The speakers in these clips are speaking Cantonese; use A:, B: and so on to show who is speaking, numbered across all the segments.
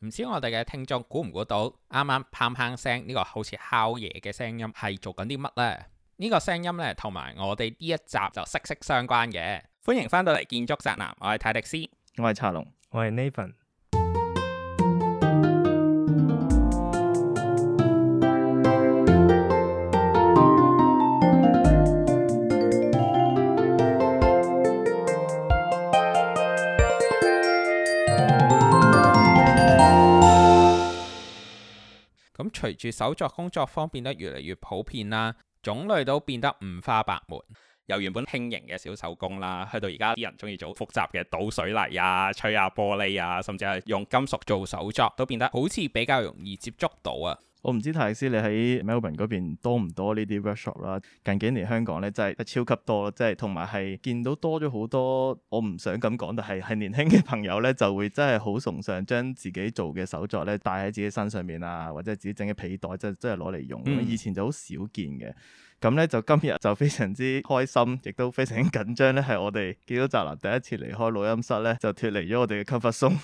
A: 唔知我哋嘅聽眾估唔估到，啱啱砰砰聲呢、這個好似敲嘢嘅聲音係做緊啲乜呢？呢、這個聲音呢，同埋我哋呢一集就息息相關嘅。歡迎翻到嚟建築宅男，我係泰迪斯，我係茶
B: 龍，我係 Nathan。
A: 隨住手作工作坊變得越嚟越普遍啦、啊，種類都變得五花八門，由原本輕盈嘅小手工啦、啊，去到而家啲人中意做複雜嘅倒水泥啊、吹啊玻璃啊，甚至係用金屬做手作，都變得好似比較容易接觸到啊。
C: 我唔知泰斯你喺 Melbourne 嗰邊多唔多呢啲 workshop 啦，近幾年香港咧真係超級多啦，即係同埋係見到多咗好多，我唔想咁講，但係係年輕嘅朋友咧就會真係好崇尚將自己做嘅手作咧戴喺自己身上面啊，或者係自己整嘅皮袋即係即係攞嚟用，嗯，以前就好少見嘅。咁咧就今日就非常之開心，亦都非常緊張咧。係我哋見到宅男第一次離開錄音室咧，就脫離咗我哋嘅 comfort zone。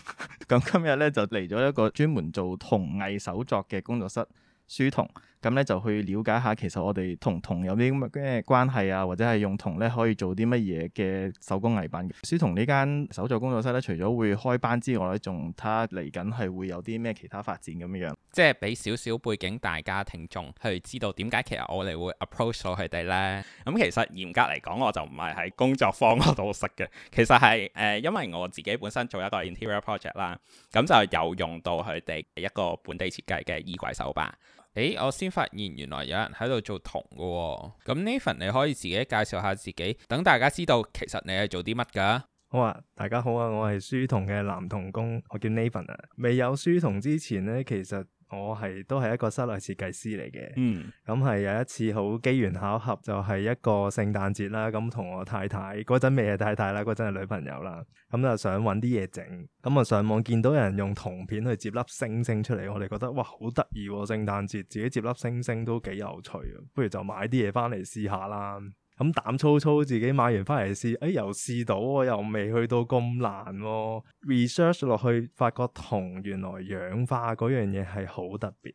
C: 咁今日咧就嚟咗一個專門做銅藝手作嘅工作室。抒銅咁咧就去了解下，其實我哋同銅有啲咁嘅咩關係啊，或者係用銅咧可以做啲乜嘢嘅手工藝品？抒銅呢間手作工作室咧，除咗會開班之外咧，仲睇嚟緊係會有啲咩其他發展咁樣。
A: 即係俾少少背景，大家聽眾去知道點解其實我哋會 approach 到佢哋咧。咁其實嚴格嚟講，我就唔係喺工作坊嗰度識嘅。其實係誒、呃，因為我自己本身做一個 interior project 啦，咁就有用到佢哋一個本地設計嘅衣櫃手把。誒，我先發現原來有人喺度做銅㗎喎，咁 Nathan 你可以自己介紹下自己，等大家知道其實你係做啲乜噶？
B: 好啊，大家好啊，我係抒銅嘅男銅工，我叫 Nathan 啊。未有抒銅之前咧，其實。我係都係一個室內設計師嚟嘅，咁係、嗯嗯、有一次好機緣巧合，就係一個聖誕節啦，咁同我太太嗰陣未係太太啦，嗰陣係女朋友啦，咁、嗯、就想搵啲嘢整，咁、嗯、啊上網見到有人用銅片去接粒星星出嚟，我哋覺得哇好得意，聖誕節自己接粒星星都幾有趣，不如就買啲嘢翻嚟試下啦。咁膽粗粗自己買完翻嚟試，誒、哎、又試到、啊，又未去到咁難喎、啊。Research 落去，發覺銅原來氧化嗰樣嘢係好特別。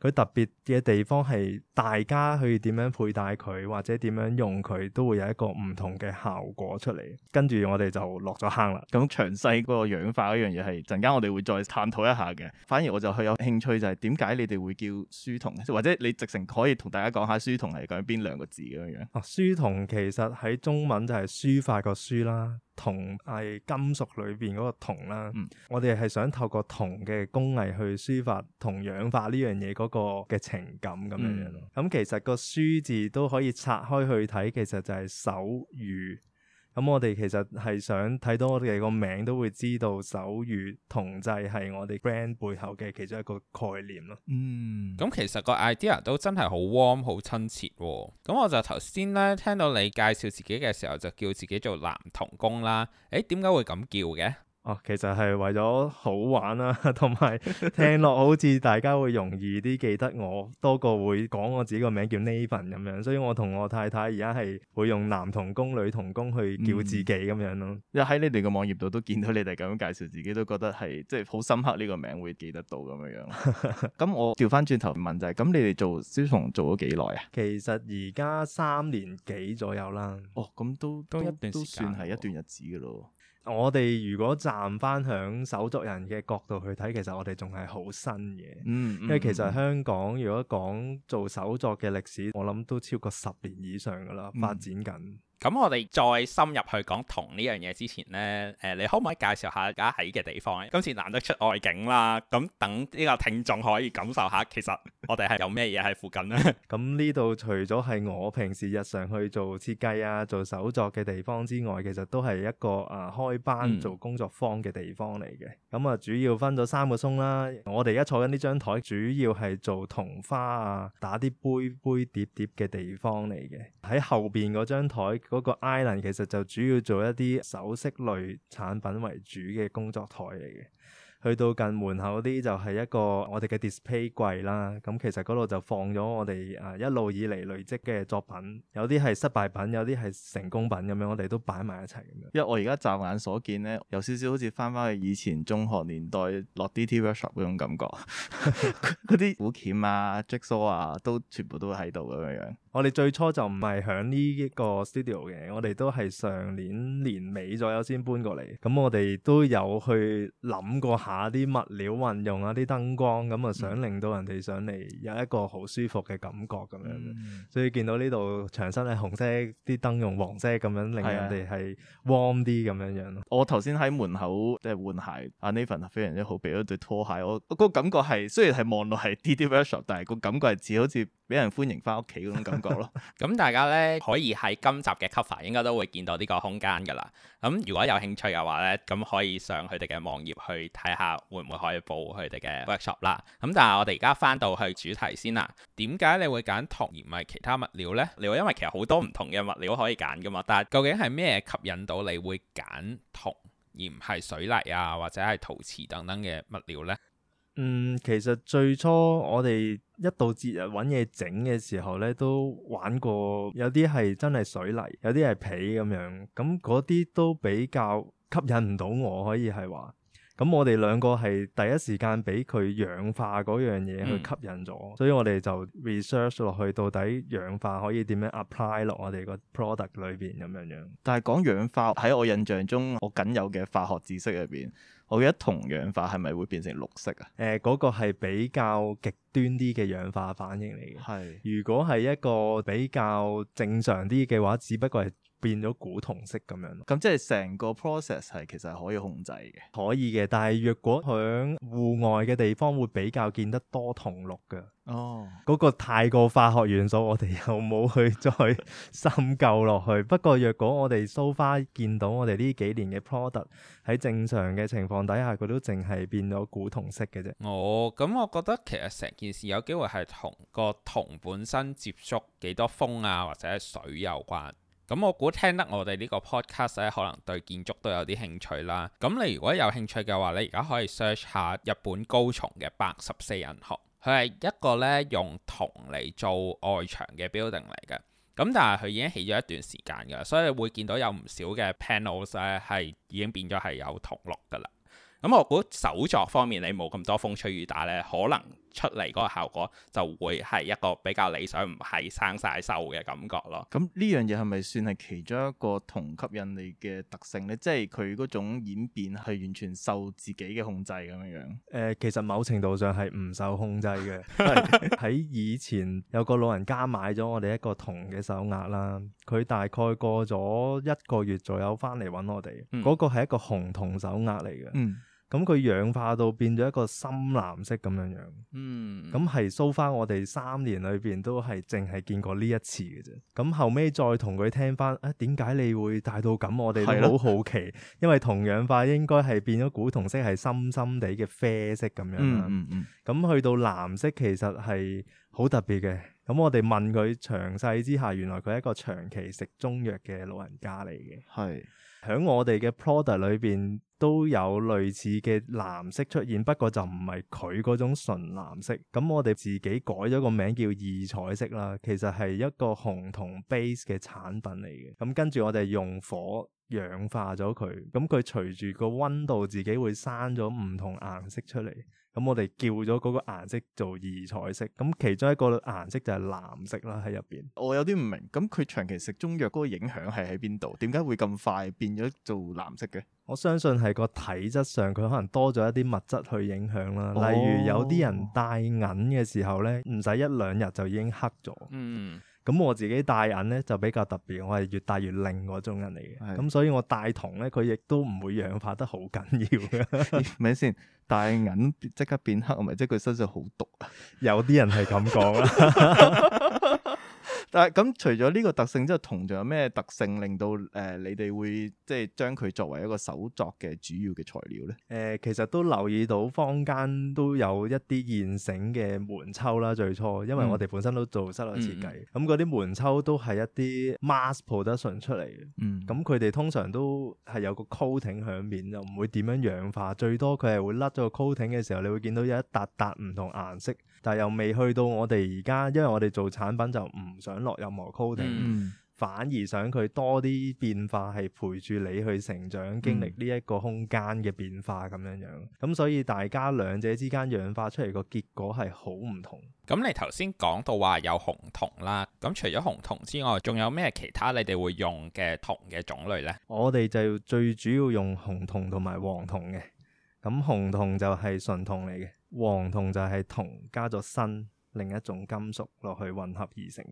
B: 佢特別嘅地方係大家去點樣佩戴佢，或者點樣用佢，都會有一個唔同嘅效果出嚟。
C: 跟住我哋就落咗坑啦。咁詳細個氧化一樣嘢係陣間我哋會再探討一下嘅。反而我就去有興趣就係點解你哋會叫抒銅，或者你直情可以同大家講下抒銅係講邊兩個字咁樣？哦、啊，抒銅其實喺中文就係書法個
B: 書啦。銅係金屬裏邊嗰個銅啦，嗯、我哋係想透過銅嘅工藝去抒發同氧化呢樣嘢嗰個嘅情感咁樣咯、嗯。咁其實個抒字都可以拆開去睇，其實就係手予。咁我哋其實係想睇到我哋個名都會知道手語同製係我哋 brand 背後嘅其中一個概念咯。嗯，
A: 咁其實個 idea 都真係好 warm，好親切喎、哦。咁我就頭先咧聽到你介紹自己嘅時候，就叫自己做男銅工啦。誒，點解會咁叫嘅？
B: 哦，其實係為咗好玩啦、啊，同埋聽落好似大家會容易啲記得我 多過會講我自己個名叫 Nathan 咁樣，所以我同我太太而家係會用男銅工、女銅工去叫自
C: 己咁、嗯、樣咯。因為喺你哋個網頁度都見到你哋咁樣介紹自己，都覺得係即係好深刻呢個名會記得到咁樣樣。咁 我調翻轉頭問就係、是，咁你哋做抒銅做咗幾耐啊？其實而家三年幾左右啦。哦，咁都都,一都,一定都算係
B: 一段日子噶咯。我哋如果站翻響手作人嘅角度去睇，其實我哋仲係好新嘅，嗯嗯、因為其實香港如果講做手作嘅歷史，我諗都超過十年以上㗎喇，發展緊。嗯
A: 咁我哋再深入去講銅呢樣嘢之前呢，誒，你可唔可以介紹下而家喺嘅地方呢？今次難得出外景啦，咁等呢個聽眾可以感受下，其實我哋係有咩嘢喺附近呢？咁
B: 呢度除咗係我平時日常去做設計啊、做手作嘅地方之外，其實都係一個啊開班做工作坊嘅地方嚟嘅。咁啊，主要分咗三個松啦。我哋而家坐緊呢張台，主要係做銅花啊、打啲杯杯碟碟嘅地方嚟嘅。喺後邊嗰張台。嗰個 island 其實就主要做一啲首飾類產品為主嘅工作台嚟嘅，去到近門口啲就係一個我哋嘅 display 櫃啦。咁其實嗰度就放咗我哋啊一路以嚟累積嘅作品，有啲係失敗品，有啲係成功品咁樣，我哋都擺埋一齊
C: 咁樣。因為我而家驟眼所見咧，有少少好似翻翻去以前中學年代落 D T workshop 嗰種感覺，嗰啲虎鉗啊、Jigsaw 啊都全部都喺
B: 度咁樣。我哋最初就唔係響呢一個 studio 嘅，我哋都係上年年尾左右先搬過嚟。咁我哋都有去諗過下啲物料運用啊，啲燈光咁啊，想令到人哋上嚟有一個好舒服嘅感覺咁、嗯、樣。所以見到呢度牆身係紅色，啲燈用黃色咁樣,、啊、樣，令人哋係
C: warm 啲咁樣樣咯。我頭先喺門口即係換鞋，阿、 啊、Nathan 非常之好俾咗對拖鞋。我、個感覺係雖然係望落係 D.D Workshop 但係個感覺係似好似俾人歡迎翻
A: 屋企嗰種感覺。 咯，咁 大家咧可以喺今集嘅 cover 應該都會見到呢個空間噶啦。咁如果有興趣嘅話咧，咁可以上佢哋嘅網頁去睇下，會唔會可以報佢哋嘅 workshop 啦。咁但係我哋而家翻到去主題先啦。點解你會揀銅而唔係其他物料呢？你會因為其實好多唔同嘅物料可以揀噶嘛，但係究竟係咩吸引到你會揀銅而唔係水泥啊或者係陶瓷等等嘅物料呢？
B: 嗯，其實最初我哋一到節日揾嘢整嘅時候咧，都玩過有啲係真係水泥，有啲係皮咁樣，咁嗰啲都比較吸引唔到我，可以係話，咁、嗯嗯、我哋兩個係第一時間俾佢氧化嗰樣嘢去吸引咗，所以我哋就 research 落去到底氧化可以點樣 apply 落我哋個 product 裏邊咁樣樣。
C: 但係講氧化喺我印象中，我僅有嘅化學知識入邊。我覺得銅氧化係咪會變成綠色啊？誒、呃，嗰、那個係比較極端啲嘅氧化反應嚟嘅。係，如果係
B: 一個比較正常啲嘅話，只不過係，變咗古銅色咁樣，咁即係成個 process 係
C: 其實係可以控制
B: 嘅，可以嘅。但係若果響戶外嘅地方，會比較見得多銅綠嘅。哦，嗰個太過化學元素，我哋又冇去再深究落去。 不過若果我哋 so far 見到我哋呢幾年嘅 product 喺正常嘅情況底下，佢都淨係變咗古銅
A: 色嘅啫。哦，咁我覺得其實成件事有機會係同個銅本身接觸幾多風啊，或者係水有關。咁我估聽得我哋呢個 podcast 咧，可能對建築都有啲興趣啦。咁你如果有興趣嘅話，你而家可以 search 下日本高松嘅百十四銀行，佢係一個咧用銅嚟做外牆嘅 building 嚟嘅。咁但係佢已經起咗一段時間㗎，所以會見到有唔少嘅 panels 咧係已經變咗係有銅綠㗎啦。咁我估手作方面你冇咁多風吹雨打咧，可能。出嚟嗰個效果就會係一個比較理想，唔係生晒銹嘅感覺咯。
C: 咁呢樣嘢係咪算係其中一個銅吸引你嘅特性呢？即係佢嗰種演變係完全受自己嘅控制咁樣樣？誒、呃，
B: 其實某程度上係唔受控制嘅。喺 以前有個老人家買咗我哋一個銅嘅手鐲啦，佢大概過咗一個月左右翻嚟揾我哋，嗰、嗯、個係一個紅銅手鐲嚟嘅。嗯咁佢氧化到變咗一個深藍色咁樣樣，嗯，咁係 show 翻我哋三年裏邊都係淨係見過呢一次嘅啫。咁後尾再同佢聽翻，啊點解你會帶到咁？我哋都好好奇，的因為銅氧化應該係變咗古銅色，係深深地嘅啡色咁樣啦、嗯。嗯嗯咁去到藍色其實係好特別嘅。咁我哋問佢詳細之下，原來佢係一個長期食中藥嘅老人家嚟嘅。係。喺我哋嘅 product 裏邊都有類似嘅藍色出現，不過就唔係佢嗰種純藍色，咁我哋自己改咗個名叫異彩色啦，其實係一個紅銅 base 嘅產品嚟嘅，咁跟住我哋用火。氧化咗佢，咁佢隨住個溫度自己會生咗唔同顏色出嚟，
C: 咁我哋叫咗嗰個顏色做異彩色，咁其中一個顏色就係藍色啦喺入邊面，我有啲唔明，咁佢長期食中藥嗰個影響係喺邊度？點解會咁快變咗做藍色嘅？
B: 我相信係個體質上佢可能多咗一啲物質去影響啦，哦、例如有啲人戴銀嘅時候呢，唔使一兩日就已經黑咗。嗯咁我自己戴銀咧就比較特別，我係越戴越靚嗰種人嚟嘅，咁是的 所以我戴銅咧佢亦都唔會氧化得好緊要，明唔明先？戴銀
C: 即刻變黑，咪即係佢身上好毒？ 有啲人係咁講。但係咁除咗呢個特性之後，同仲有咩特性令到誒、呃、你哋會即係將佢作為一個手作嘅主要嘅材料呢？誒、呃，其實都留意到坊間
B: 都有一啲現成嘅門抽啦。最初，因為我哋本身都做室內設計，咁嗰啲門抽都係一啲 mass production 出嚟嘅。咁佢哋通常都係有個 coating 喺面，就唔會點樣氧化，最多佢係會甩咗個 coating 嘅時候，你會見到有一笪笪唔同顏色，但係又未去到我哋而家，因為我哋做產品就唔想。落任何 coating，反而想佢多啲變化，係陪住你去成長，經歷呢一個空間嘅變化咁樣樣。咁、嗯、所以大家兩者之間氧化出嚟個結果係好唔同。
A: 咁你頭先講到話有紅銅啦，咁除咗紅銅之外，仲有咩其他你哋會用嘅銅嘅種類呢？
B: 我哋就最主要用紅銅同埋黃銅嘅。咁紅銅就係純銅嚟嘅，黃銅就係銅加咗鋅，另一種金屬落去混合而成。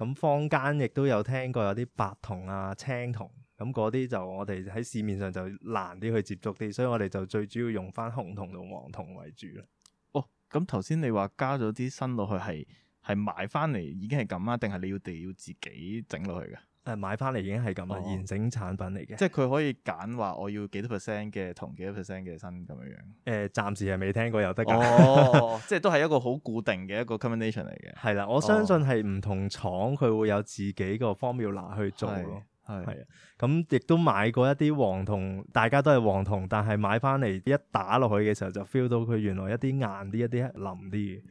B: 咁坊間亦都有聽過有啲白銅啊、青銅，咁嗰啲就我哋喺市面上就難啲去接觸啲，所以我哋就最主要用翻紅銅同黃銅為
C: 主啦。哦，咁頭先你話加咗啲新落去，係係買翻嚟已經係咁啊？定係你要地自己整落去㗎？誒，買翻嚟已經係咁啦，哦、現成產品嚟嘅。即係佢可以揀話，我要幾多 percent 嘅同幾多 percent 嘅新咁樣樣。誒、呃，暫時係未聽過有得揀。哦， 即係都係一個好固定嘅一個 combination 嚟嘅。係啦，我相
B: 信係唔同廠佢會有自己個 formula 去做咯。哦係啊，咁亦都買過一啲黃銅，大家都係黃銅，但係買翻嚟一打落去嘅時候就 feel 到佢原來一啲硬啲、一啲腍啲
C: 嘅。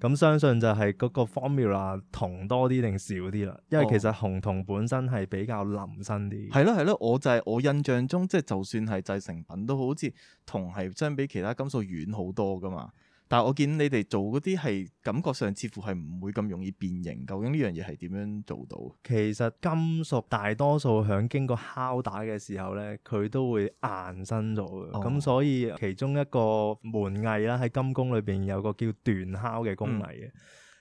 B: 咁、哦、相信就係嗰個 formula 銅
C: 多啲定少啲啦。因為其實紅銅本身係比較腍身啲。係咯係咯，我就係、是、我印象中，即係就算係製成品都好似銅係相比其他金屬軟好多噶嘛。但係我見你哋做嗰啲係感覺上似乎係唔會咁容易變形，究竟呢樣嘢係點樣做到？其實金屬大多數喺經過敲打嘅
B: 時候咧，佢都會硬身咗嘅，咁、哦、所以其中一個門藝啦，喺金工裏邊有個叫斷敲嘅工藝嘅，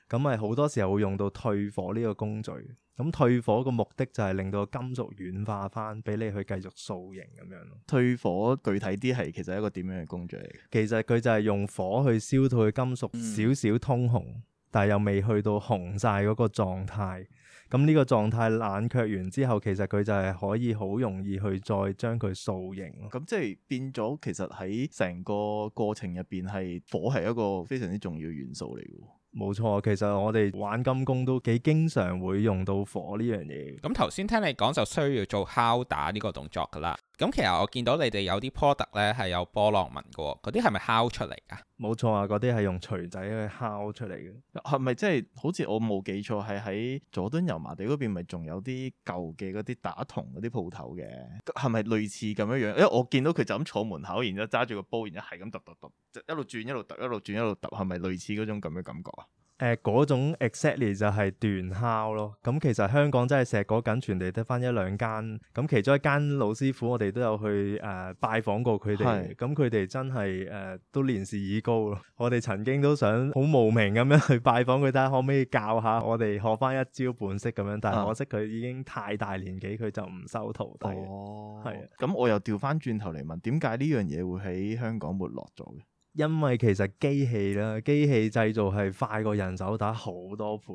B: 咁咪好多時候會用到退火呢個工序。咁退火個目的就係令到金屬軟化翻，俾你去繼續塑形咁樣。退火具體啲係其實一個點樣嘅工序嚟？其實佢就係用火去燒退金屬，嗯、少少通紅，但係又未去到紅晒嗰個狀態。咁呢個狀態冷卻完之後，其實佢就係可以好容易去
C: 再將佢塑形。咁即係變咗，其實喺成個過程入邊，係火係一個非常之重要元素嚟㗎。冇錯，其實我哋玩金工都幾
B: 經常會用到火呢樣嘢。
A: 咁頭先聽你講就需要做敲打呢個動作噶啦。咁其實我見到你哋有啲 product 咧係有波浪紋㗎喎，嗰啲係咪敲出嚟噶？
C: 冇錯啊，嗰啲係用錘仔去敲出嚟嘅。係咪即係好似我冇記錯係喺佐敦油麻地嗰邊，咪仲有啲舊嘅嗰啲打銅嗰啲鋪頭嘅？係咪類似咁樣樣？因為我見到佢就咁坐門口，然之後揸住個煲，然之後係咁揼揼揼，一路轉一路揼，一路轉一路揼，係咪類似嗰種咁嘅感覺啊？
B: 誒嗰、呃、種 exactly 就係鍛銅咯，咁、嗯、其實香港真係碩果僅存得返一兩間，咁、嗯、其中一間老師傅我哋都有去誒、呃、拜訪過佢哋，咁佢哋真係誒、呃、都年事已高咯。我哋曾經都想好慕名咁樣去拜訪佢，睇下可唔可以教下我哋學返
C: 一招半式咁樣，但係可惜佢
B: 已經太大年紀，佢就唔收徒
C: 弟。啊、的哦，係。咁我又調返轉頭嚟問，點解呢樣嘢會喺香港沒落咗嘅？因為其
B: 實機器啦，機器製造係快過人手打好多倍。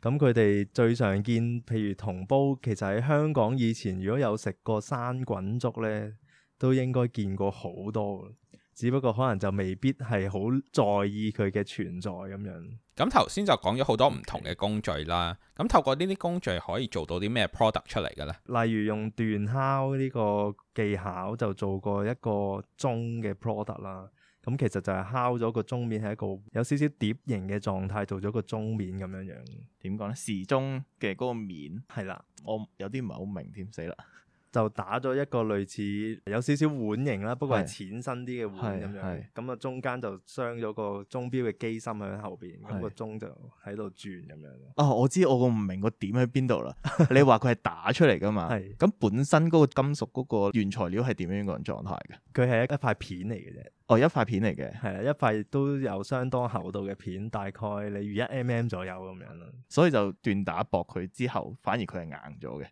B: 咁佢哋最常見，譬如銅煲，其實喺香港以前，如果有食過生滾粥咧，都應該見過好多。只不過可能就未必係好在意佢嘅存在咁樣。
A: 咁頭先就講咗好多唔同嘅工序啦。咁透過呢啲工序可以做到啲咩 product 出嚟嘅咧？
B: 例如用斷敲呢個技巧，就做過一個鐘嘅 product 啦。咁其實就係敲咗個鐘面，係一個有少少碟形嘅狀態，做咗個鐘面咁樣樣。點講咧？時鐘嘅嗰個面係啦，我有啲唔係好明，添死啦。就打咗一個類似有少少碗形啦，不過係淺身啲嘅碗咁樣。咁啊，中間是就鑲咗個鐘錶嘅機芯喺後邊，咁個鐘就喺度轉咁樣。
C: 哦，我知，我唔明個點喺邊度啦。 你話佢係打出嚟㗎嘛？咁是本身嗰個金屬嗰個原材料係點樣狀態一個狀態嘅？佢係一塊片嚟嘅啫。哦，一塊片嚟嘅，係啦，一
B: 塊都有相當厚度嘅片，大概例如一 mm 左右咁樣啦。所以就鍛打薄佢之後，反而佢係硬咗嘅。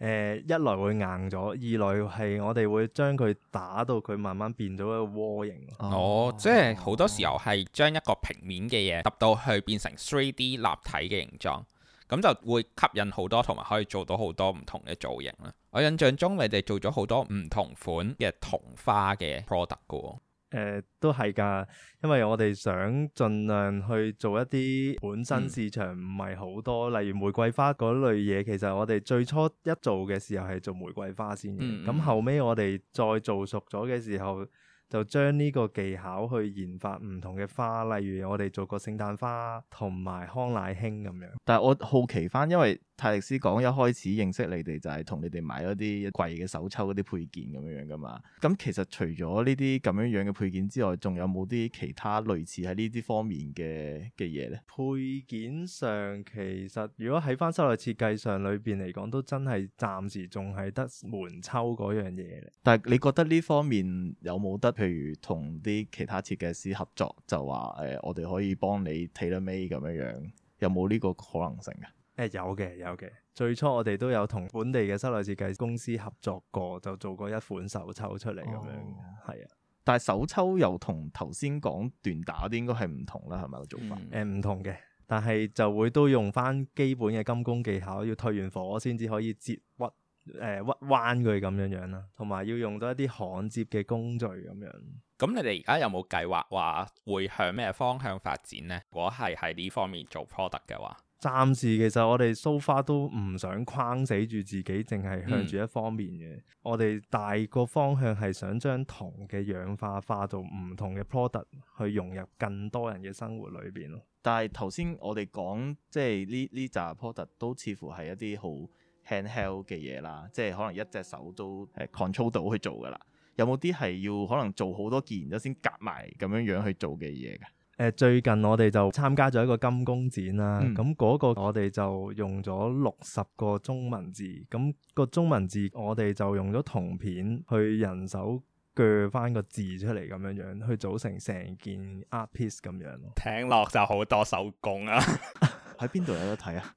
B: 誒、呃、一來會硬咗，二來係我哋會將佢打到佢慢慢變咗一個窩形。哦，
A: 哦，即係好多時候係將一個平面嘅嘢揼到去變成 three D 立體嘅形狀，咁就會吸引好多同埋可以做到好多唔同嘅造型啦。我印象中你哋做咗好多唔同款嘅銅花嘅 product 嘅喎、哦。
B: 誒、呃、都係㗎，因為我哋想盡量去做一啲本身市場唔係好多，嗯、例如玫瑰花嗰類嘢。其實我哋最初一做嘅時候係做玫瑰花先嘅，咁、嗯、後尾我哋再做熟咗嘅時候。就將呢個技巧去研發
C: 唔同嘅花，例如我哋做過聖誕花同埋康乃馨咁樣。但係我好奇翻，因為泰力斯講一開始認識你哋就係同你哋買咗啲貴嘅手抽嗰啲配件咁樣噶嘛。咁其實除咗呢啲咁樣樣嘅配件之外，仲有冇啲其他類似喺呢啲方面嘅嘅嘢咧？呢
B: 配件上其實如果喺翻室內設計上裏邊嚟講，都真係暫時仲係得門抽嗰樣嘢。
C: 但係你覺得呢方面有冇得？譬如同啲其他設計師合作，就話誒、呃，我哋可以幫你睇到尾咁樣樣，有冇呢個可能性啊？
B: 誒有嘅，有嘅。最初我哋都有同本地嘅室內設計公司合作過，就做過一款手抽出嚟咁、哦、樣。係啊、嗯呃，但係手抽又同頭先講鍛打啲應該係唔同啦，係咪個做法？誒唔同嘅，但係就會都用返基本嘅金工技巧，要退完火先至可以折屈。誒，屈彎佢咁樣樣啦，同埋要用到一啲焊接嘅工序咁樣。
A: 咁你哋而家有冇計劃話會向咩方向發展呢？如果係喺呢方面做 product 嘅話，
B: 暫時其實我哋 so far 都唔想框死住自己，淨係向住一方面嘅。嗯、我哋大個方向係想將銅嘅氧化化做唔同嘅 product 去融入
C: 更多人嘅生活裏邊咯。但係頭先我哋講即係呢呢紮 product 都似乎係一啲好 handheld 嘅嘢啦，即係可能一隻手都 control 到去做噶啦。有冇啲係要可能做好多件咗先夾埋咁樣樣去做嘅嘢嘅？
B: 誒，最近我哋就參加咗一個金工展啦。咁嗰、嗯、個我哋就用咗六十個中文字，咁、嗰個中文字我哋就用咗銅片去人手鋸翻個字出嚟，咁樣樣去組成成件 art piece 咁樣。
A: 聽落就好多手工啊！
B: 喺邊度有得睇啊？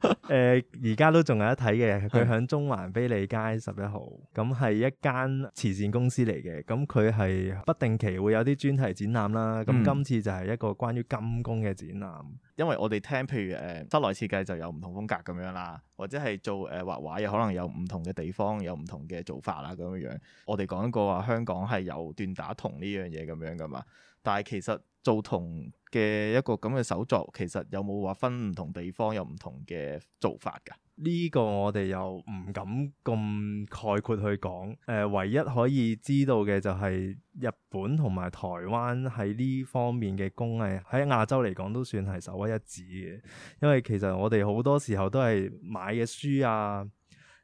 B: 誒、 呃，而家都仲有得睇嘅。佢喺中環菲利街十一號，咁係的一間慈善公司嚟嘅。咁佢係不定期會有啲專題展覽啦。咁今次就係一個關於金工嘅展覽。嗯、
C: 因為我哋聽，譬如誒、呃、室內設計就有唔同風格咁樣啦，或者係做誒、呃、畫畫又可能有唔同嘅地方，有唔同嘅做法啦咁樣樣。我哋講過話香港係有鍛打銅呢樣嘢咁樣噶嘛，但係其實做銅嘅一個咁嘅手作，其實有冇話分唔同地方有唔同嘅做法㗎？
B: 呢個我哋又唔敢咁概括去講。誒、呃，唯一可以知道嘅就係日本同埋台灣喺呢方面嘅工藝，喺亞洲嚟講都算係首屈一指嘅。因為其實我哋好多時候都係買嘅書啊。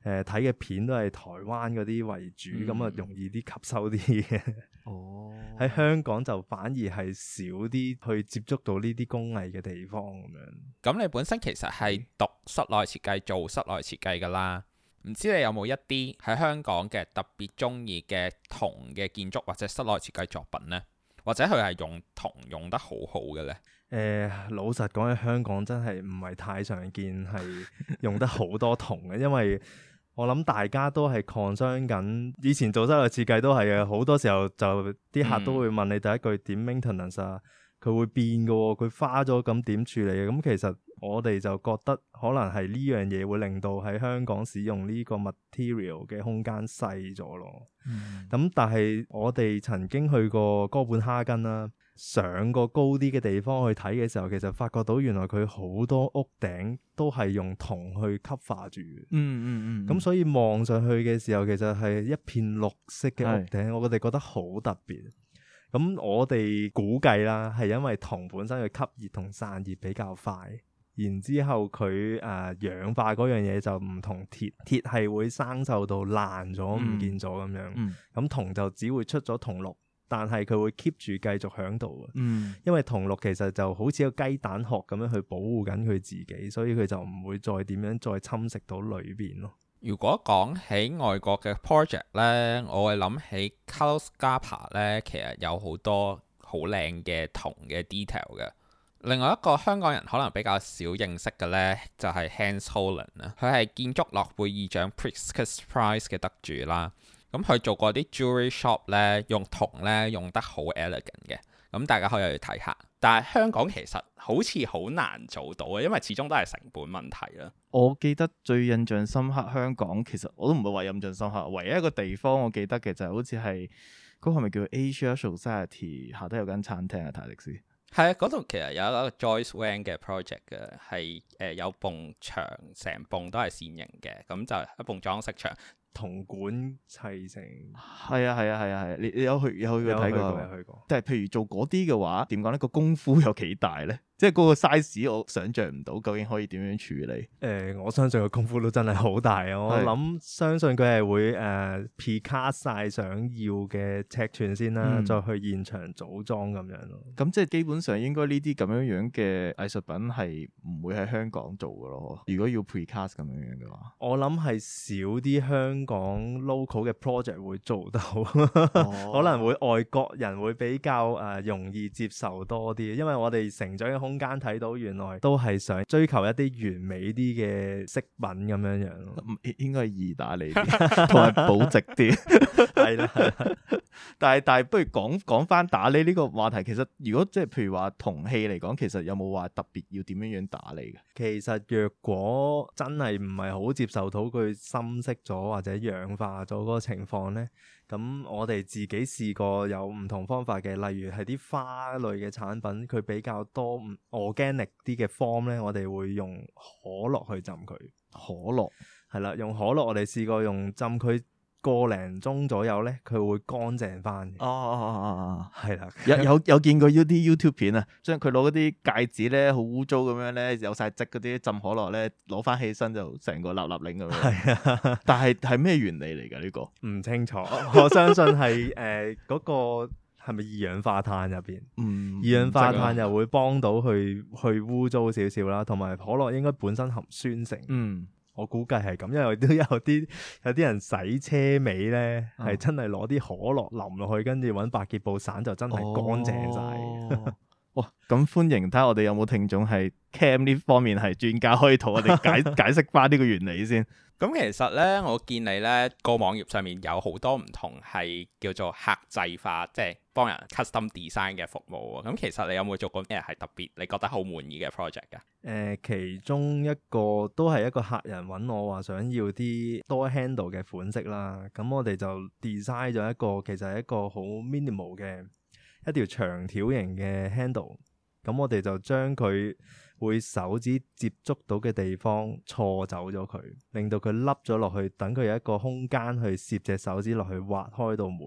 B: 誒，睇嘅片都係台灣嗰啲為主，咁啊、嗯、容易啲吸收啲嘅。 哦，喺香港就反而係少啲去接觸到呢啲工藝嘅地方咁樣。
A: 咁你本身其實係讀室內設計，做室內設計㗎啦。唔知你有冇一啲喺香港嘅特別中意嘅銅嘅建築，或者室內設計作品呢？或者佢係用銅用得好好嘅呢？誒、
B: 呃，老實講喺香港真係唔係太常見係用得好多銅嘅， 因為我諗大家都係 concern 緊，以前做室內設計都係嘅，好多時候就啲客都會問你第一句點 maintenance 啊，佢、嗯、會變嘅喎，佢花咗咁點處理嘅，咁其實我哋就覺得可能係呢樣嘢會令到喺香港使用呢個 material 嘅空間細咗咯。咁、嗯、但係我哋曾經去過哥本哈根啦、啊。上個高啲嘅地方去睇嘅時候，其實發覺到原來佢好多屋頂都係用銅去吸化住嗯。嗯嗯嗯。咁、嗯、所以望上去嘅時候，其實係一片綠色嘅屋頂，是我哋覺得好特別。咁、嗯、我哋估計啦，係因為銅本身嘅吸熱同散熱比較快，然之後佢誒、呃、氧化嗰樣嘢就唔同鐵，鐵係會生鏽到爛咗唔見咗咁樣。咁銅就只會出咗銅綠。嗯嗯嗯嗯。但係佢會 keep 住繼續喺度啊，因為銅綠其實就好似個雞蛋殼咁樣去保護緊佢自己，所以佢就唔會再點樣再侵蝕到裏邊咯。
A: 如果講起外國嘅 project 呢，我會諗起 Carlos Garpa 咧，其實有好多好靚嘅銅嘅 detail 嘅。另外一個香港人可能比較少認識嘅呢，就係、是、Hans Hollein 啦，佢係建築諾貝爾獎 Pritzker Prize 嘅得主啦。咁佢、嗯、做過啲 jewelry shop 咧，用銅咧用得好 elegant 嘅，咁、嗯、大家可以去睇下。但係香港其實好似好難做到嘅，因為始終都係成本問題啦。
C: 我記得最印象深刻香港，其實我都唔會話印象深刻，唯一一個地方我記得嘅就係、是、好似係嗰個咪叫 Asia Society 下底有間餐廳啊，泰迪斯。
A: 係啊，嗰度其實有一個 Joyce Wang 嘅 project 嘅，係、呃、誒有埲牆，成埲都係線形嘅，咁就係一埲裝飾牆。銅管砌成。
C: 係啊，係啊，係啊，係，你、啊、你有去，有去過，睇過，有去過，即係譬如做嗰啲嘅話，點講咧？個功夫有幾大咧？即係個 size，我想象唔到究竟可以點樣處理。誒、
B: 欸，我相信個功夫都真係好大咯，我諗
C: 是，相信佢係會誒、呃、
B: precast 晒想要嘅尺寸先啦，嗯、再去現場組裝咁樣咯。
C: 咁、嗯、即係基本上應該呢啲咁樣樣嘅藝術品係唔會喺香港做噶咯。如果要 precast 咁樣樣嘅話，我諗係少啲香港 local 嘅
B: project 會做到，哦、 可能會外國人會比較誒、呃、容易接受多啲。因為我哋成長。空間睇到原來都係想追求一啲完美
C: 啲嘅飾品咁樣樣咯，應該易打理同埋 保值啲，係啦，係啦。但係但係，不如講講返打理呢個話題。其實如果即係譬如話銅器嚟講，其實有冇話特別要點樣樣打理嘅？其實若
B: 果真係唔係好接受到佢深色咗或者氧化咗嗰個情況咧？咁、嗯、我哋自己試過有唔同方法嘅，例如係啲花類嘅產品，佢比較多唔 organic 啲嘅 form 咧，我哋會用可樂去浸佢。可樂，係啦，用可樂我哋試過用浸佢。個零
C: 鐘左右咧，佢會乾淨翻嘅。哦哦哦哦，係啦的， 有有有見過啲 YouTube 片啊，即係佢攞嗰啲戒指咧，好污糟咁樣咧，有晒漬嗰啲浸可樂咧，攞翻起身就成個立立令咁。係啊，但係係咩原理嚟噶呢個？唔 清楚。我相信係誒，嗰、呃嗰個係咪二氧化碳入邊？
B: 嗯， 二氧化碳又會幫到佢去污糟少少啦，同埋可樂應該本身含酸性。嗯。我估計係咁，因為都有啲有啲人洗車尾咧，係、嗯、真係攞啲可樂淋落去，跟住揾百潔布散就真係乾淨晒。
C: 哇、哦！咁、 哦、歡迎睇下我哋有冇聽眾係 cam 呢方面係專家，可以同我哋解 解釋翻呢個原理先。
A: 咁其實咧，我見你咧、這個網頁上面有好多唔同，係叫做客製化，即係幫人 custom design 嘅服務啊。咁其實你有冇做過咩係特別，你覺得好滿意嘅 project 㗎？誒、
B: 呃，其中一個都係一個客人揾我話想要啲 door handle 嘅款式啦。咁我哋就 design 咗一個，其實係一個好 minimal 嘅一條長條形嘅 handle。咁我哋就將佢。會手指接觸到嘅地方銼走咗佢，令到佢凹咗落去，等佢有一個空間去攝隻手指落去挖開度門。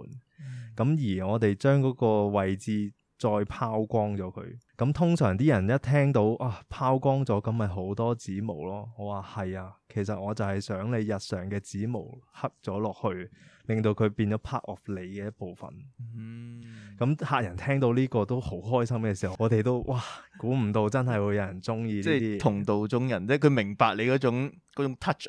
B: 咁、嗯、而我哋將嗰個位置再拋光咗佢。咁、嗯、通常啲人一聽到啊拋光咗，咁咪好多指模咯。我話係啊，其實我就係想你日常嘅指模黑咗落去。令到佢變咗 part of 你嘅一部分，咁、嗯嗯、客人聽到呢個都好開心嘅時候，我哋都哇，估唔到真係會有人鍾意，即係同道中人，即係佢明白你嗰種嗰種 touch，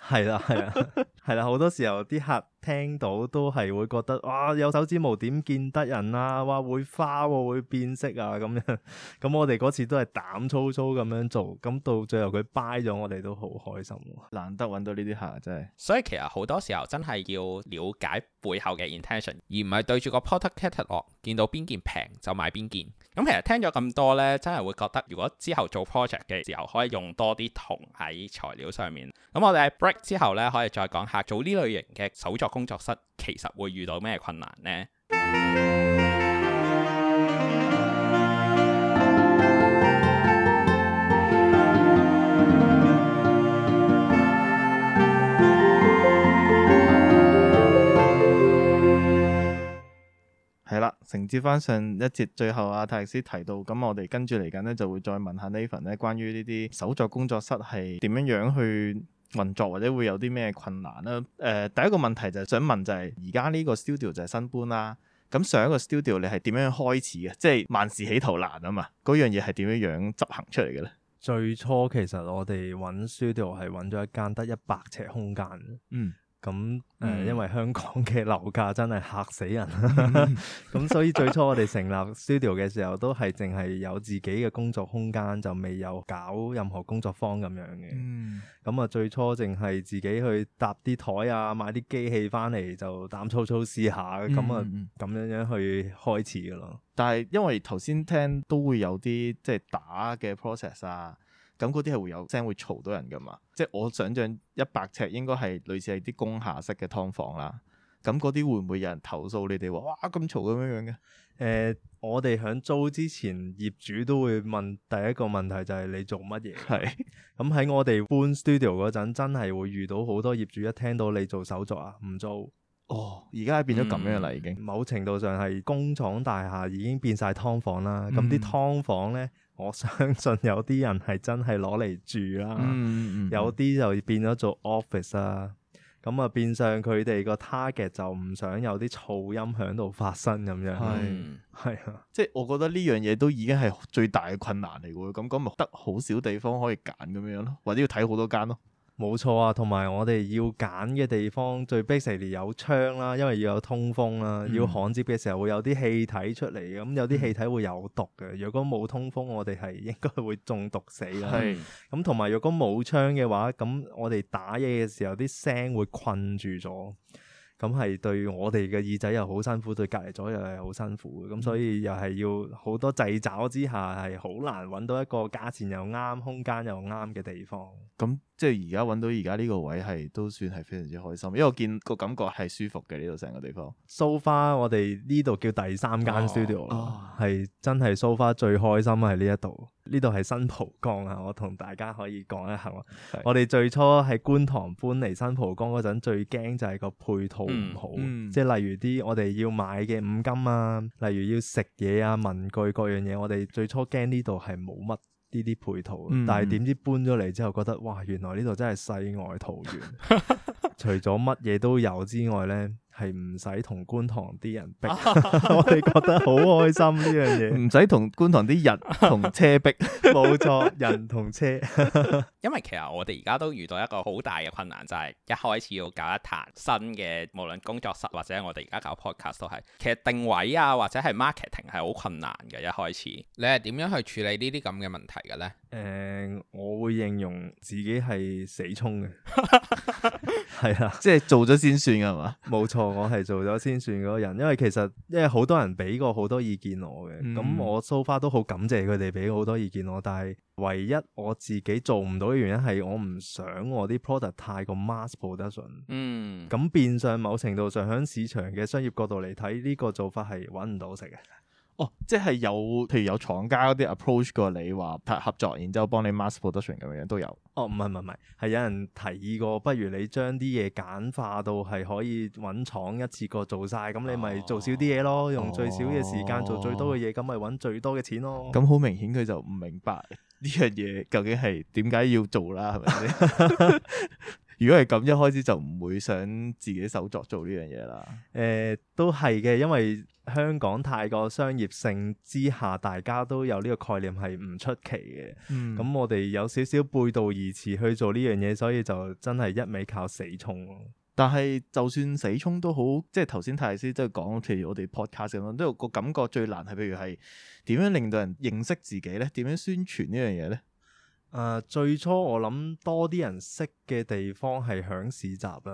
B: 係啦，係啦。 係啦，好多時候啲客聽到都係會覺得，哇有手指模點見得人啊！哇會花喎、啊，會變色啊咁樣。咁、 嗯、我哋嗰次都係膽粗粗咁樣做，咁、嗯、到最後佢 buy 咗，
C: 我哋都好開心喎、啊。難得揾到呢啲客真係。
A: 所以其實好多時候真係要了解背後嘅 intention，而唔係對住個 product catalogue 見到邊件平就買邊件。咁其實聽咗咁多呢，真係會覺得如果之後做 project 嘅時候可以用多啲銅喺材料上面。咁我哋係 break 之後呢，可以再講。嚇，做呢類型嘅手作工作室，其實會遇到咩困難呢？
C: 係啦，承接翻上一節最後，阿泰斯提到，咁我哋跟住嚟緊呢，就會再問下 Nathan 呢關於呢啲手作工作室係點樣樣去？運作或者會有啲咩困難啦、啊？誒、呃，第一個問題就係想問、就是，就係而家呢個 studio 就係新搬啦、啊。咁上一個 studio 你係點樣開始嘅？即係萬事起頭難啊嘛，嗰樣嘢係點樣樣執行出嚟嘅咧？最初其實我哋
B: 揾 studio 係揾咗一間得一百尺空間。嗯。咁誒，嗯、因為香港嘅樓價真係嚇死人啦、嗯！咁 所以最初我哋成立 studio 嘅時候，都係淨係有自己嘅工作空間，就未有搞任何工作坊咁樣嘅。
C: 嗯。
B: 咁啊，最初淨係自己去搭啲枱啊，買啲機器返嚟就
C: 膽粗粗試下，咁啊咁樣樣去開始噶咯。嗯嗯、但係因為頭先聽都會有啲即係打嘅 process 啊。咁嗰啲係會有聲，會嘈到人噶嘛？即係我想象一百尺應該係類似係啲工廈式嘅劏房啦。咁嗰啲會唔會有人投訴你哋話哇咁嘈咁樣樣嘅？誒、呃，我哋響租
B: 之前業主都會問第一個問題就係你做乜嘢？係咁喺我哋搬 studio 嗰陣真係會遇到好多業主一聽到你做手作啊，唔租。哦，哦而家變咗咁樣啦、嗯、已經。某程度上係工廠大廈已經變晒劏房啦。咁啲劏房呢。我相信有啲人係真係攞嚟住啦、啊，嗯嗯、有啲就變咗做 office 啊，咁啊變相，佢哋個 target
C: 就唔想有啲噪音響度發生咁樣，係係啊，嗯、啊即係我覺得呢樣嘢都已經係最大嘅困難嚟㗎，咁咁咪得好少地方可以揀咁樣咯，或者要睇好多間咯。冇錯啊，同埋我哋要揀嘅地方最 basic 啲有窗
B: 啦，因為要有通風啦，嗯、要焊接嘅時候會有啲氣體出嚟，咁有啲氣體會有毒嘅。如果冇通風，我哋係應該會中毒死嘅。係。咁同埋如果冇窗嘅話，咁我哋打嘢嘅時候啲聲會困住咗。咁係對我哋嘅耳仔又好辛苦，對隔離咗又係好辛苦嘅，咁、嗯、所以又係要好多
C: 掣肘之下，係好
B: 難揾到一個價錢又啱、空間又啱嘅地方。
C: 咁即係而家揾到而家呢個位係都算係非常之開心，因為我見個感覺係舒服嘅呢度成個地方。
B: so far 我哋呢度叫第三間 studio，係、oh, oh. 真係 so far 最開心喺呢一度。呢度係新蒲崗啊！我同大家可以講一下，是我哋最初喺觀塘搬嚟新蒲崗嗰陣，最驚就係個配套唔好，嗯嗯、即係例如啲我哋要買嘅五金啊，例如要食嘢啊、文具各樣嘢，我哋最初驚呢度係冇乜呢啲配套。嗯、但係點知搬咗嚟之後，覺得哇，原來呢度真係世外桃源， 除咗乜嘢都有之外咧。係唔使同觀塘啲人逼， 我哋覺得好開心呢樣嘢。唔使
C: 同觀塘啲人同車逼，冇錯， 人同車。 因為其實
A: 我哋而家都遇到一個好大嘅困難，就係一開始要搞一攤新嘅，無論工作室或者我哋而家搞 podcast 都係，其實定位啊或者係 marketing 係好困難嘅。一開始，你係點樣去處理呢啲咁嘅問題嘅咧？
B: 誒、呃，我會形容自己係死衝嘅，係
C: 啦的， 即係做咗先算嘅嘛？冇 錯，
B: 我係做咗先算嗰個人，因為其實因為好多人俾過好多意見我嘅，咁、嗯、我 so far 都好感謝佢哋俾好多意見我，但係唯一我自己做唔到嘅原因係我唔想我啲 product 太過 mass production，嗯，咁變相某程度上喺市場嘅商業角度嚟睇呢個做法係揾唔到食嘅。
C: 哦，即係有，譬如有廠家嗰啲 approach 過你話拍合作，然之後幫你 mass production 咁樣樣都有。哦，唔係唔係
B: 唔係，係有人提議過，不如你將啲嘢簡化到係可以搵廠一次過做晒，咁、哦、你咪做少啲嘢咯，用最少嘅時間做最多嘅嘢，咁咪搵最多
C: 嘅錢咯。咁好明顯佢就唔明白呢樣嘢究竟係點解要做啦，係咪先？ 如果係咁，一開始就唔會想自己手作做呢樣嘢
B: 啦。誒、呃，都係嘅，因為香港太過商業性之下，大家都有呢個概念係唔出奇嘅。咁、嗯、我哋有少少背道而馳去
C: 做呢樣嘢，所以就真係一味靠死衝。但係就算死衝都好，即係頭先泰師都講，譬如我哋 podcast 咁，都有個感覺最難係，譬如係點樣令到人認識自己咧？點樣宣傳呢樣嘢咧？誒、啊、最初我諗多
B: 啲人識嘅地方係響市集啦、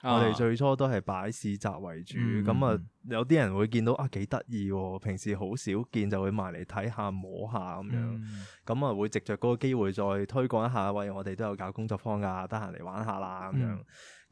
B: 啊，啊、我哋最初都係擺市集為主，咁啊、嗯、有啲人會見到啊幾得意喎，平時好少見就會埋嚟睇下摸下咁樣，咁啊、嗯、會藉着嗰個機會再推廣一下，嗯、喂，我哋都有搞工作坊噶，得閒嚟玩下啦咁、嗯、樣。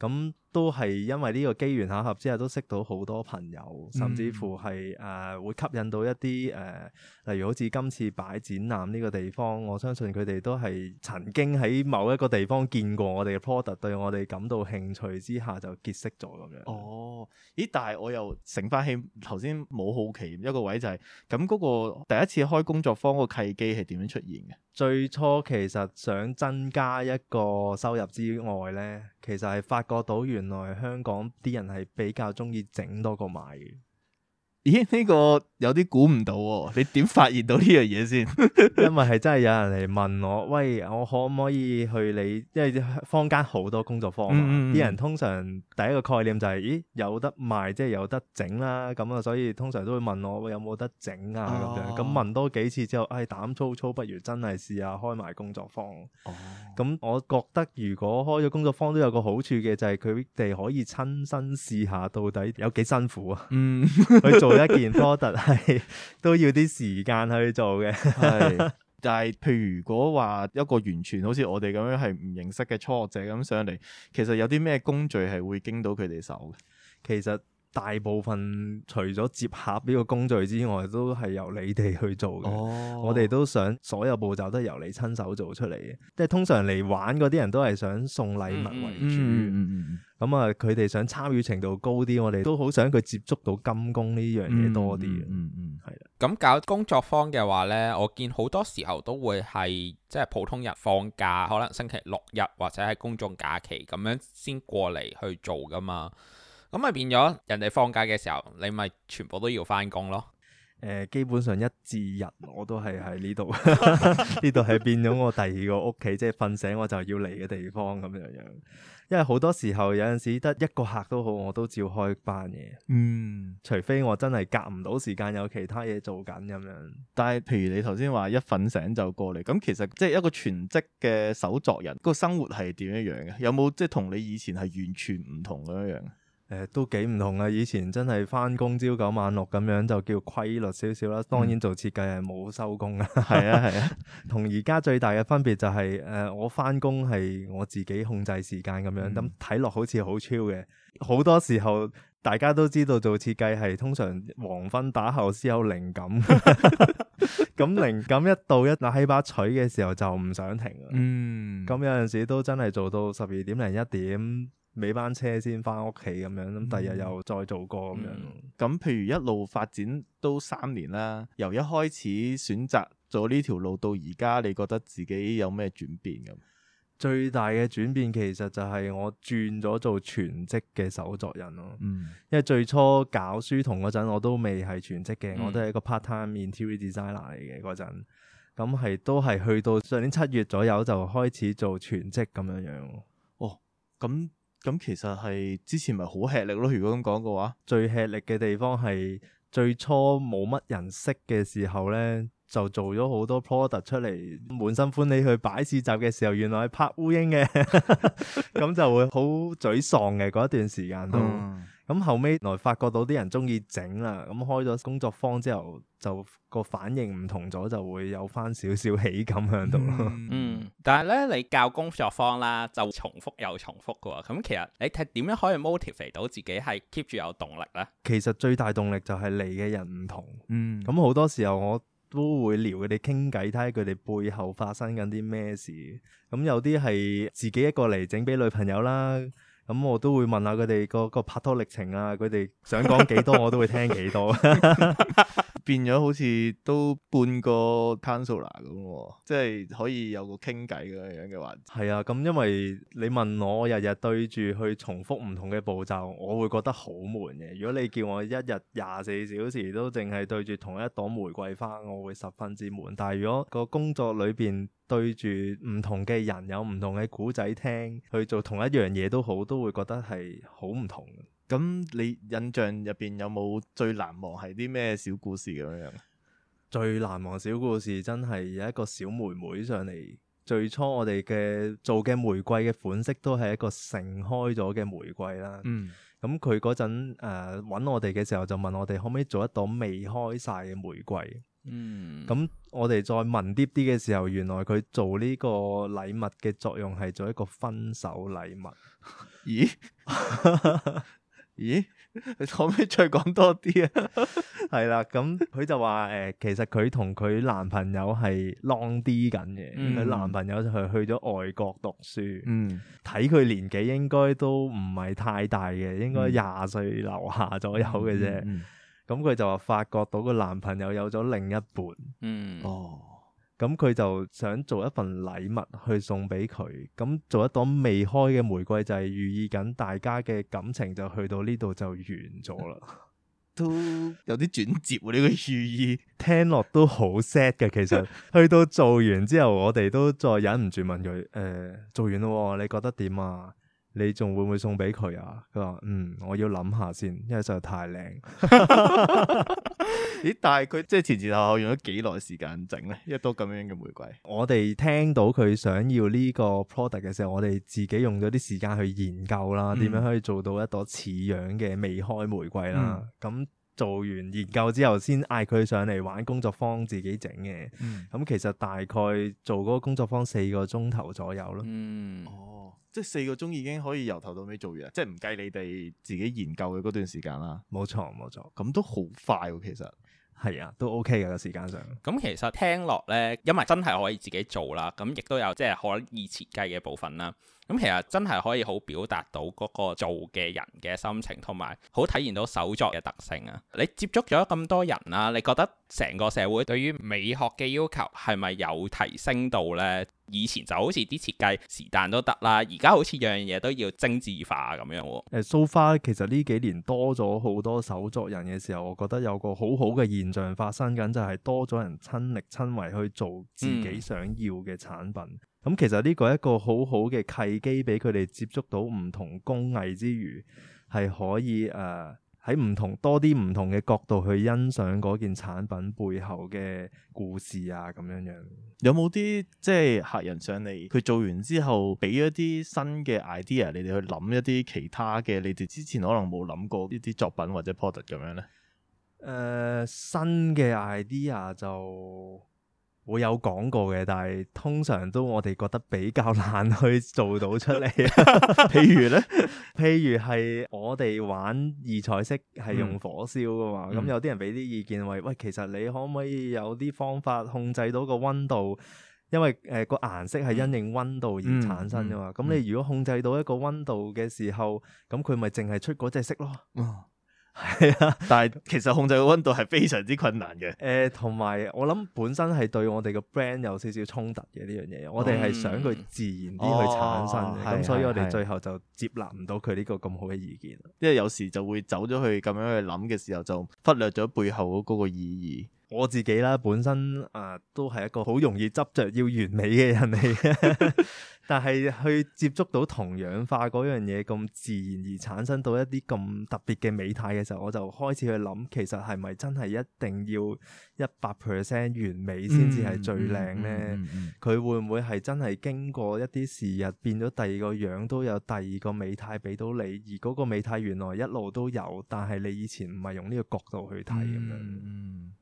B: 咁都係因為呢個機緣巧合之下，都識到好多朋友，甚至乎係誒、呃、會吸引到一啲誒、呃，例如好似今次擺展覽呢個地方，我相信佢哋都係曾經喺某一個地
C: 方見過我哋嘅 product，對我哋感到興趣之下就結識咗咁樣。哦，咦？但係我又醒翻起頭先冇好奇一個位就係、是、咁，嗰個第一次開工作坊個契機係點樣出現嘅？最初其實想增加一
B: 個收入之外咧，其實係發。我到原來香港啲人係比較中意整多過買嘅。
C: 咦？呢、這個有啲估唔到、哦，你點發現
B: 到呢樣嘢先？ 因為係真係有人嚟問我，喂，我可唔可以去你？因為坊間好多工作坊、啊，啲、嗯嗯嗯、人通常第一個概念就係、是，咦，有得賣，即係有得整啦、啊。咁啊，所以通常都會問我喂，有冇得整啊咁、哦、樣。咁問多幾次之後，唉、哎，膽粗粗，不如真係試下開埋工作坊。咁、哦、我覺得如果開咗工作坊都有個好處嘅，就係佢哋可以親身試下到底
C: 有幾辛苦啊。去做、嗯。 每件一件 project 係都要啲時間去做嘅，係。但係，譬如如果話一個完全好似我哋咁樣係唔認識嘅初學者咁上嚟，其實有啲咩工序係會經到佢哋手嘅？ 其實。
B: 大部分除咗接合呢個工序之外，都係由你哋去做嘅。哦、我哋都想所有步驟都係由你親手做出嚟嘅。即係通常嚟玩嗰啲人都係想送禮物為主。咁啊，佢哋想參與程度高啲，我哋都好想佢接觸到金工呢樣嘢多啲嘅、嗯。嗯嗯，
A: 係咁搞工作坊嘅話呢，我見好多時候都會係即係普通人放假，可能星期六日或者係公眾假期咁樣先過嚟去做噶嘛。咁咪變咗人哋放假嘅時候，你咪全部都要返工咯？
B: 誒、呃，基本上一至日我都係喺呢度，呢度係變咗我第二個屋企， 即係瞓醒我就要嚟嘅地方咁樣樣。因為好多時候有陣時得一個客都好，我都照開班嘢。嗯，除非我真係隔唔到時間有其他嘢做緊咁樣。但係，
C: 譬如你頭先話一瞓醒就過嚟，咁其實即係一個全職嘅手作人，個生活係點樣樣嘅？有冇即係同你以前係完全唔同咁樣樣？誒、呃，都幾唔同
B: 啊！以前真係翻工朝九晚六咁樣，就叫規律少少啦。當然做設計係冇收工嘅，係啊係啊。同而家最大嘅分別就係、是，誒、呃，我翻工係我自己控制時間咁樣。咁睇落好似好超嘅，好多時候大家都知道做設計係通常黃昏打後先有靈感。咁靈 感一到一拿起把錘嘅時候就唔想停啊！嗯，咁有陣時都真係做到十二點零一點。尾班車先翻屋企咁樣，咁第日又再
C: 做過咁樣。咁、嗯嗯、譬如一路發展都三年啦，由一開始選擇咗呢條路到而家，你覺得自己有咩轉變咁？最
B: 大嘅轉變其實就係我轉咗做全職嘅手作人咯。嗯、因為最初搞書童嗰陣，我都未係全職嘅，嗯、我都係一個 part time interior designer 嚟嘅嗰陣。咁係都係去到上年七月左右就開始做全職咁樣樣。哦，咁。咁其實係之前咪好吃力咯？如果咁講嘅話，最吃力嘅地方係最初冇乜人識嘅時候咧，就做咗好多 product 出嚟，滿心歡喜去擺市集嘅時候，原來係拍烏蠅嘅，咁就會好沮喪嘅嗰一段時間都。咁後尾來發覺到啲人中意整啦，咁開咗工作坊之後，就個反應唔同咗，就會有翻少少喜感喺度咯。嗯，
A: 但係咧，你教工作坊啦，就重複又重複嘅喎。咁、嗯、其實你睇點樣可以 motivate 到自己係 keep 住有動力咧、嗯嗯哦嗯？
B: 其實最大動力就係嚟嘅人唔同。嗯，咁好、嗯、多時候我都會聊佢哋傾偈，睇下佢哋背後發生緊啲咩事。咁、嗯、有啲係自己一個嚟整俾女朋友啦。咁、嗯、我都會問下佢哋個拍拖歷程啊，佢哋
C: 想講幾多我都會聽幾多。 變咗好似都半個 counselor 咁喎，即係可以有個傾偈咁樣嘅話。係啊，咁因
B: 為你問我日日對住去重複唔同嘅步驟，我會覺得好悶嘅。如果你叫我一日廿四小時都淨係對住同一朵玫瑰花，我會十分之悶。但係如果個工作裏邊對住唔同嘅人，有唔同嘅古仔聽，去做同一樣嘢都好，都會覺得係好唔同。咁你印象入邊有冇最難忘係啲咩小故事咁樣樣？最難忘小故事真係有一個小妹妹上嚟，最初我哋嘅做嘅玫瑰嘅款式都係一個盛開咗嘅玫瑰啦。嗯，咁佢嗰陣誒揾我哋嘅時候就問我哋可唔可以做一朵未開晒嘅玫瑰。
C: 嗯，
B: 咁我哋再問啲啲嘅時候，原來佢做呢個禮物嘅作用係做一個分手禮物。咦？ 咦，可唔可以再講多啲啊！係 啦，咁佢就話誒、呃，其實佢同佢男朋友係 long 啲緊嘅，佢、嗯、男朋友就係去咗外國讀書。嗯，睇佢年紀應該都唔係太大嘅，應該廿歲樓下左右嘅啫。咁佢、嗯、就話發覺到個男朋友有咗另一半。嗯，哦。咁佢就想做一份禮物去送俾佢，咁做一朵未開嘅玫瑰就係寓意緊大家嘅感情就去到呢度就完咗啦，
C: 都有啲轉折呢、啊，這個寓意，聽落都好
B: sad 嘅。其實去到做完之後，我哋都再忍唔住問佢，誒、呃，做完咯、哦，你覺得點啊？你仲會唔會送俾佢啊？佢話嗯，我要諗下先，因為
C: 實在太靚。 咦？但係佢即係前前後後用咗幾耐時間整咧？一朵咁樣嘅玫瑰。
B: 我哋聽到佢想要呢個 product 嘅時候，我哋自己用咗啲時間去研究啦，點樣可以做到一朵似樣嘅未開玫瑰啦？咁、嗯。嗯做完研究之後，先嗌佢上嚟玩工作坊，自己整嘅。咁、嗯嗯、其實大概做嗰個工作坊四個鐘頭左右咯。嗯，哦，
C: 即係四個鐘已經可以由頭到尾做完，即係唔計你哋自己研究嘅嗰段時間啦。冇錯，冇錯，咁都好快喎、啊，其實。係啊，都 OK 嘅個時間上。
A: 咁、嗯、其實聽落咧，因為真係可以自己做啦，咁亦都有即係可以設計嘅部分啦。咁其實真係可以好表達到嗰個做嘅人嘅心情，同埋好體現到手作嘅特性啊！你接觸咗咁多人啦，你覺得成個社會對於美學嘅要求係咪有提升到呢？以前就好似啲設計是但都得啦，而家好似樣樣嘢都要精緻化咁樣。誒
B: ，So far 其實呢幾年多咗好多手作人嘅時候，我覺得有個好好嘅現象發生緊，就係多咗人親力親為去做自己想要嘅產品。嗯咁其實呢個係一個好好嘅契機，俾佢哋接觸到唔同工藝之餘，係可以誒喺唔同多啲唔同嘅角度去欣賞嗰件產品背後嘅故事啊咁樣樣。
C: 有冇啲即係客人上嚟，佢做完之後，俾一啲新嘅 idea，你哋去諗一啲其他嘅，你哋之前可能冇諗過呢啲作品或者 product 咁樣咧？誒、呃，新嘅 idea 就～
B: 會有講過嘅，但係通常都我哋覺得比較難去做到出嚟啊。 譬如咧，譬如係我哋玩二彩色係用火燒噶嘛，咁、嗯、有啲人俾啲意見，喂喂，其實你可唔可以有啲方法控制到個溫度？因為誒個顏色係因應溫度而產生噶嘛。咁、嗯嗯嗯、你如果控制到一個溫度嘅時候，咁佢咪淨係出嗰隻色咯。係啊， 但係其實控制個溫度係非常之困難嘅、 呃。誒，同埋我諗本身係對我哋個 brand 有少少衝突嘅呢樣嘢。嗯、我哋係想佢自然啲去產生嘅，咁、哦嗯、所以我哋最後就接納唔到佢呢個咁好嘅意見。
C: 因為有時就會走咗去咁樣去諗嘅時候，就忽略咗背後嗰個意義。我自己啦，本身
B: 啊都係一個好容易執着要完美嘅人嚟嘅， 但係去接觸到同氧化嗰樣嘢咁自然而產生到一啲咁特別嘅美態嘅時候，我就開始去諗，其實係咪真係一定要一百 percent 完美先至係最靚咧？佢、嗯嗯嗯嗯嗯、會唔會係真係經過一啲時日變咗第二個樣都有第二個美態俾到你，而嗰個美態原來一路都有，但係
C: 你以前唔係用呢個角度去睇咁樣。嗯嗯嗯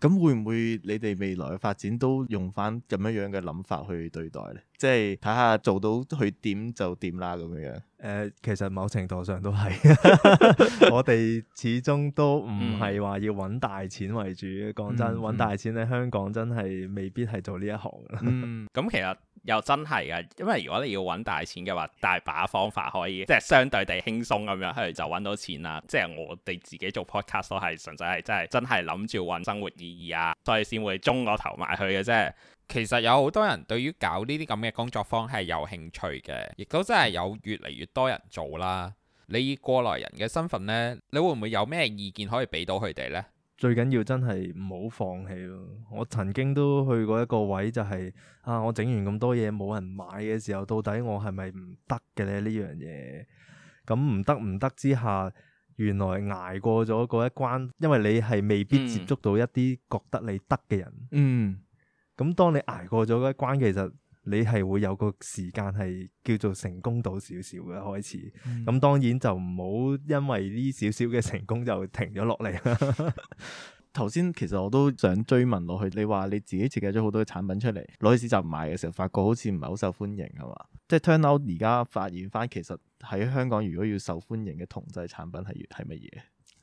C: 咁會唔會你哋未來嘅發展都用翻咁樣樣嘅諗法去對待咧？即係睇下做到佢點就點啦咁樣樣。誒、呃，其實某程度上都係， 我哋
B: 始終都唔係話要揾大錢為主。講、嗯、真，揾大錢喺香港真係未必係做呢一行。嗯，
A: 咁、 嗯、其實。又真係㗎，因為如果你要揾大錢嘅話，大把方法可以，即係相對地輕鬆咁樣去就揾到錢啦。即係我哋自己做 Podcast 都係純粹係真係真係諗住揾生活意義啊，所以先會中個頭埋去嘅啫。其實有好多人對於搞呢啲咁嘅工作方式係有興趣嘅，亦都真係有越嚟越多人做啦。你以過來人嘅身份呢，你會唔會有咩意見可以俾到佢哋呢？
B: 最緊要真係唔好放棄咯！我曾經都去過一個位、就係，就係啊，我整完咁多嘢冇人買嘅時候，到底我係咪唔得嘅咧？呢樣嘢咁唔得唔得之下，原來捱過咗嗰一關，因為你係未必接觸到一啲覺得你得嘅人。嗯，咁、嗯、當你捱過咗嗰一關，其實～你係會有個時間係叫做成功到少少嘅開始，咁、嗯嗯、當然就唔好因為呢少少嘅成功就停咗落嚟。
C: 頭先其實我都想追問落去，你話你自己設計咗好多產品出嚟攞去市集賣嘅時候，發覺好似唔係好受歡迎係嘛？即係 turn out 而家發現翻，其實喺香港如果要受歡迎嘅銅製產品係要係乜嘢？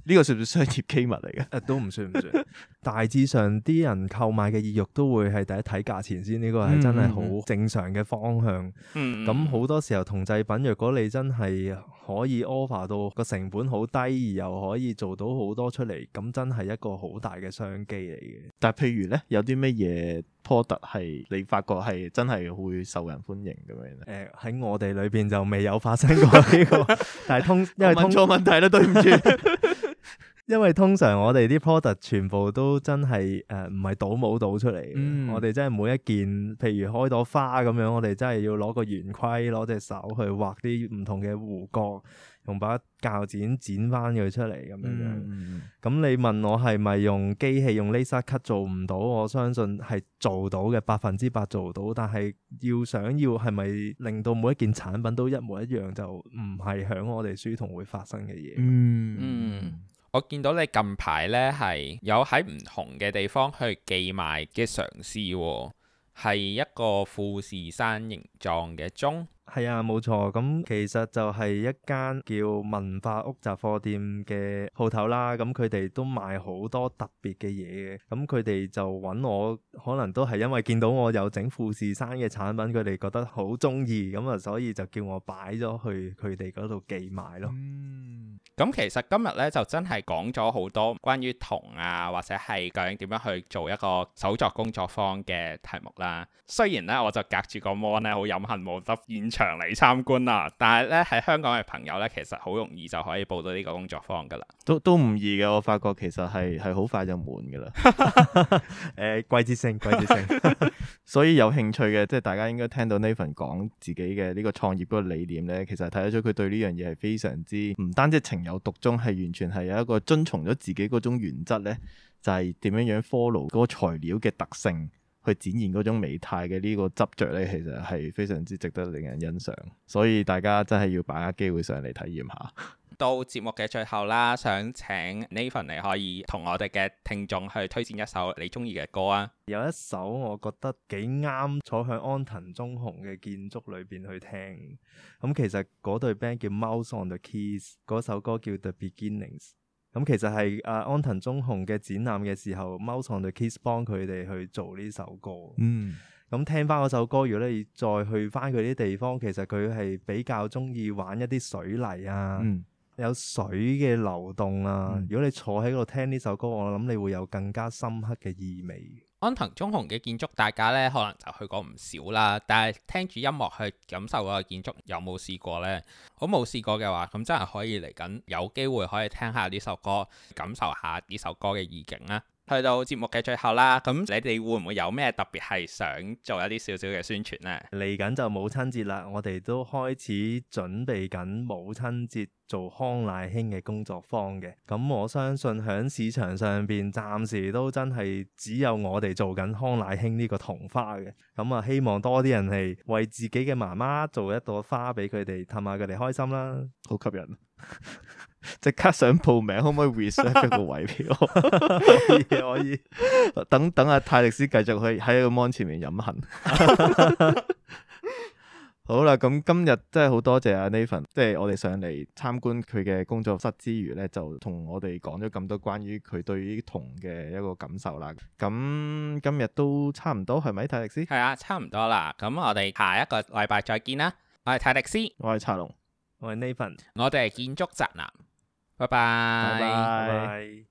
B: 呢個算唔算商業機密嚟嘅？ 都唔算唔算。大致上啲人購買嘅意欲都會係第一睇價錢先，呢、這個係真係好正常嘅方向。咁好、嗯嗯嗯、多時候銅製品，若果你真係可以 offer 到個成本好低，而又可以
C: 做到好多出嚟，咁真係一個好大嘅商機嚟嘅。但係譬如咧，有啲乜嘢？product 係你發覺係真係會受人歡迎咁樣咧？誒喺、呃、我哋裏邊就未有發生過呢個。 但，但係通因為通問錯問題啦，對唔住，
B: 因為通常我哋啲 product 全部都真係誒唔係倒模倒出嚟、嗯、我哋真係每一件，譬如開朵花咁樣，我哋真係要攞個圓規攞隻手去畫啲唔同嘅弧角。用把鉸剪剪翻佢出嚟咁樣樣，咁、嗯、你問我係咪用機器用 laser cut 做唔到？我相信係做到嘅，百分之百做到。但係要想要係咪令到每一件產品都一模一樣，就唔係響我哋抒銅會發生嘅嘢。嗯，嗯
A: 我見到你近排咧係有喺唔同嘅地方去寄賣嘅嘗試，哦，係一個富士山形狀嘅鐘。
B: 係啊，冇錯，咁、嗯、其實就係一間叫文化屋雜貨店嘅鋪頭啦。咁佢哋都賣好多特別嘅嘢嘅。咁佢哋就揾我，可能都係因為見到我有整富士山嘅產品，佢哋覺得好中意，咁、嗯、啊，所以就叫我擺咗去佢哋嗰度寄賣咯。嗯，
A: 咁其實今日咧就真係講咗好多關於銅啊，或者係究竟點樣去做一個手作工作坊嘅題目啦。雖然咧我就隔住個 mon 咧好飲恨冇得現長嚟參觀啊！但係咧喺香港嘅朋友咧，其實好容易就可以報到呢個工作坊噶啦。
C: 都都唔易嘅，我發覺其實係係好快就滿噶啦。誒、 呃，季節性，季節性。 所以有興趣嘅，即係大家應該聽到 Nathan 講自己嘅呢個創業嗰個理念咧，其實睇得出佢對呢樣嘢係非常之唔單止情有獨鍾，係完全係有一個遵從咗自己嗰種原則咧，就係、是、點樣樣 follow 個材料嘅特性。佢展現嗰種美態嘅呢個執著呢，其實係非常之值得令人欣賞，所以大家真係要把握機會上嚟體驗下。
A: 到節目嘅最後啦，想請 Nathan 你可以同我哋嘅聽眾去推薦一首你中意嘅歌啊！有一
B: 首我覺得幾啱坐喺安藤忠雄嘅建築裏邊去聽，咁、嗯、其實嗰隊 band 叫 Mouse on the Keys，嗰首歌叫 The Beginnings。咁、嗯、其實係阿安藤忠雄嘅展覽嘅時候、嗯、mouse on the keys 幫佢哋去做呢首歌。嗯，咁、嗯嗯、聽翻嗰首歌，如果你再去翻佢啲地方，其實佢係比較中意玩一啲水泥啊，有水嘅流動啊。嗯嗯、如果你坐喺度聽呢首歌，我諗你會有更加深刻嘅意味。
A: 安藤忠雄嘅建築，大家呢，可能就去過唔少啦，但係聽住音樂去感受嗰個建築，有冇試過呢？如果冇試過嘅話，咁真係可以嚟緊，有機會可以聽下呢首歌，感受下呢首歌嘅意境啦。去到節目嘅最後啦，咁你哋會唔會有咩特別係想做一啲少少嘅宣傳呢？
B: 嚟緊就母親節啦，我哋都開始準備緊母親節做康乃馨嘅工作坊嘅。咁我相信響市場上面暫時都真係只有我哋做緊康乃馨呢個銅花嘅。咁、嗯、啊，希望多啲人係為自己嘅媽媽做一朵花
C: 俾佢哋，氹下佢哋開心啦。好吸引。即刻想報名，可唔可以 reserve 一個位俾我？可以，可以。等等啊，泰力斯繼續去喺個 mon 前面飲恨。好啦，咁今日真係好多謝阿 Nathan，即係我哋上嚟參觀佢嘅工作室之餘咧，就同我哋講咗咁多關於佢對於銅嘅一個感受啦。咁今日都差唔多，係咪泰力斯？
A: 係啊，差唔多啦。咁我哋下一個禮拜再見啦。我係泰力斯，我係茶龍。我係 Nathan，我哋係建築宅男，拜拜。